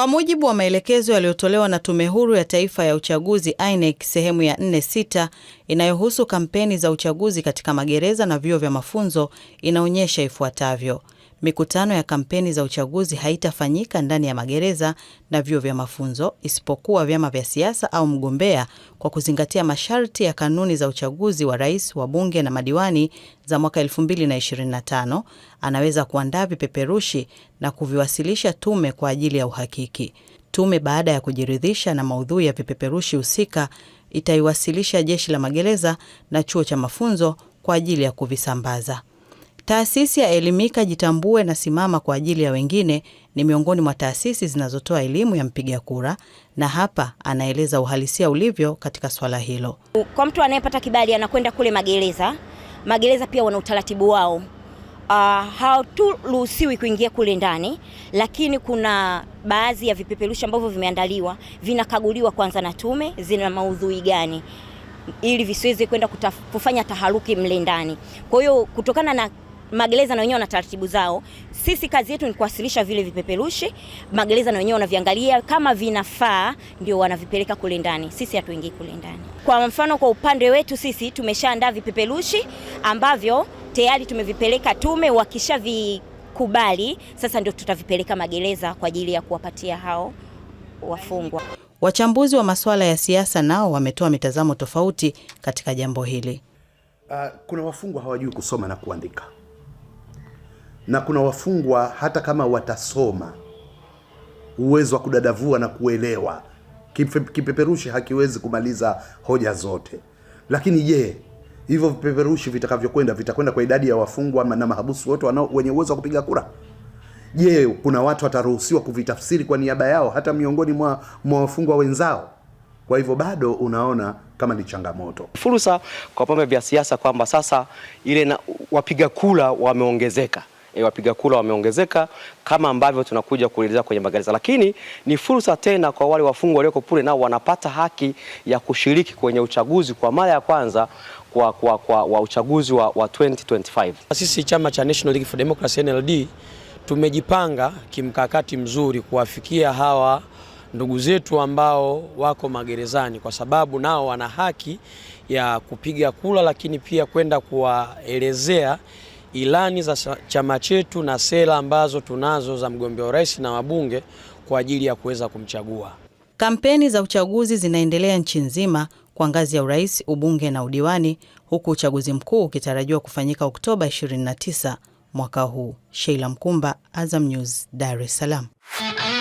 Kwa mujibu wa maelekezo yaliyotolewa na Tume Huru ya Taifa ya Uchaguzi INEC sehemu ya 46 inayohusu kampeni za uchaguzi katika magereza na vyuo vya mafunzo inaonyesha ifuatavyo mikutano ya kampeni za uchaguzi haitafanyika ndani ya magereza na vyuo vya mafunzo isipokuwa vyama vya siasa au mgombea, kwa kuzingatia masharti ya kanuni za uchaguzi wa rais, wa bunge na madiwani za mwaka e225 anaweza kuandaa vipeperushi na kuviwasilisha tume kwa ajili ya uhakiki. Tume baada ya kujiridhisha na maudhui ya vipeperushi husika itaiwasilisha Jeshi la Magereza na Chuo cha Mafunzo kwa ajili ya kuvisambaza. Taasisi ya Elimika Jitambue na Simama kwa ajili ya Wengine ni miongoni mwa taasisi zinazotoa elimu ya mpiga kura, na hapa anaeleza uhalisia ulivyo katika swala hilo. Kwa mtu anayepata kibali anakwenda kule magereza. Magereza pia wana utaratibu wao, uh, haturuhusiwi kuingia kule ndani, lakini kuna baadhi ya vipeperushi ambavyo vimeandaliwa vinakaguliwa kwanza na tume, zina maudhui gani, ili visiweze kwenda kufanya taharuki mle ndani. Kwa hiyo kutokana na magereza na wenyewe wana taratibu zao. Sisi kazi yetu ni kuwasilisha vile vipeperushi, magereza na wenyewe wanaviangalia, kama vinafaa ndio wanavipeleka kule ndani. Sisi hatuingii kule ndani. Kwa mfano, kwa upande wetu sisi tumeshaandaa vipeperushi ambavyo tayari tumevipeleka tume, wakishavikubali sasa ndio tutavipeleka magereza kwa ajili ya kuwapatia hao wafungwa. Wachambuzi wa masuala ya siasa nao wametoa mitazamo tofauti katika jambo hili. Uh, kuna wafungwa hawajui kusoma na kuandika na kuna wafungwa hata kama watasoma, uwezo wa kudadavua na kuelewa kipeperushi hakiwezi kumaliza hoja zote. Lakini je, hivyo vipeperushi vitakavyokwenda vitakwenda kwa idadi ya wafungwa na mahabusu wote wanao wenye uwezo wa kupiga kura? Je, kuna watu wataruhusiwa kuvitafsiri kwa niaba yao hata miongoni mwa, mwa wafungwa wenzao? Kwa hivyo bado unaona kama ni changamoto. Fursa kwa vyama vya siasa kwamba sasa ile na wapiga kura wameongezeka e, wapiga kura wameongezeka kama ambavyo tunakuja kueleza kwenye magereza, lakini ni fursa tena kwa wale wafungwa walioko kule, nao wanapata haki ya kushiriki kwenye uchaguzi kwa mara ya kwanza kwa, kwa, kwa, wa uchaguzi wa, wa 2025. Sisi chama cha National League for Democracy NLD tumejipanga kimkakati mzuri kuwafikia hawa ndugu zetu ambao wako magerezani kwa sababu nao wana haki ya kupiga kura, lakini pia kwenda kuwaelezea ilani za chama chetu na sera ambazo tunazo za mgombea urais na wabunge kwa ajili ya kuweza kumchagua. Kampeni za uchaguzi zinaendelea nchi nzima kwa ngazi ya urais, ubunge na udiwani, huku uchaguzi mkuu ukitarajiwa kufanyika Oktoba 29 mwaka huu. Sheila Mkumba, Azam News, Dar es Salaam.